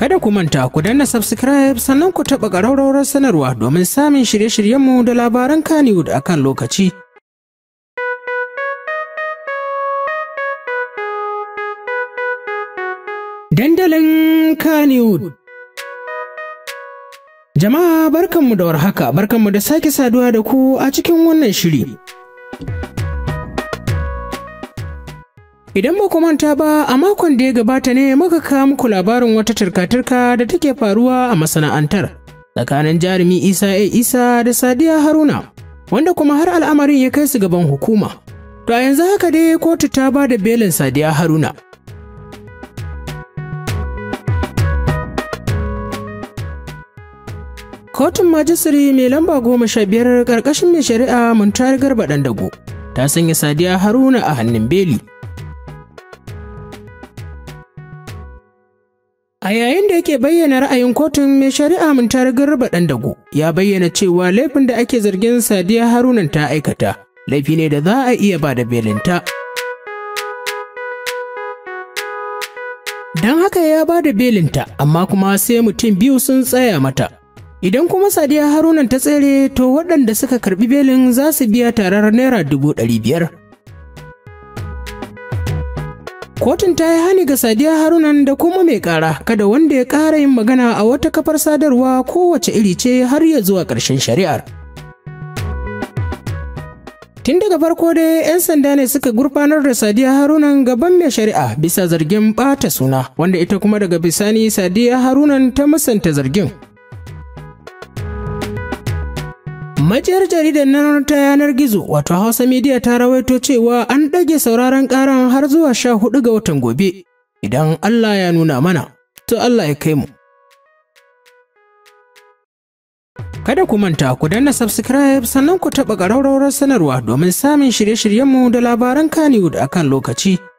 Kada ku manta ku danna subscribe sannan ku taɓa ƙararrawar sanarwa domin samun shirye-shiryenmu da labaran Kannywood akan lokaci. Dandalin Kannywood Jama'a barkanmu da warhaka, barkanmu da sake saduwa da ku a cikin wannan shiri. Idan ba manta ba a makon da ya gabata ne muka kawo muku labarin wata turka-turka da take faruwa a masana'antar tsakanin jarumi Isa A Isa da Sadiya Haruna wanda kuma har al'amarin ya kai su gaban hukuma. To a yanzu haka dai kotu ta ba da belin Sadiya Haruna. Kotun Majisiri mai lamba goma sha biyar ƙarƙashin mai shari'a Muntari Garba dago, ta sanya Sadiya Haruna a hannun beli. A yayin da yake bayyana ra'ayin kotun mai shari'a Muntar Garba Dandago ya bayyana cewa laifin da ake zargin Sadiya Harunan ta aikata laifi ne da za a iya ba da belinta. Don haka ya ba da belinta amma kuma sai mutum biyu sun tsaya mata. Idan kuma Sadiya Harunan ta tsere to waɗanda suka karɓi belin za su biya tarar naira dubu ɗari biyar. Kotun ta yi hani ga Sadiya Harunan da kuma mai ƙara kada wanda ya ƙara yin magana a wata kafar sadarwa kowace iri ce har ya zuwa ƙarshen shari'ar. Tun daga farko dai 'yan sanda ne suka gurfanar da Sadiya Harunan gaban mai shari'a bisa zargin ɓata suna wanda ita kuma daga bisani Sadiya Harunan ta musanta zargin. Majiyar jaridar nan ta yanar gizo wato Hausa Media ta rawaito cewa an ɗage sauraron ƙaran har zuwa sha hudu ga watan gobe idan Allah ya nuna mana to Allah ya kai mu. Kada ku manta ku danna subscribe sannan ku taɓa ƙararrawar sanarwa domin samun shirye-shiryenmu da labaran Kannywood kan lokaci.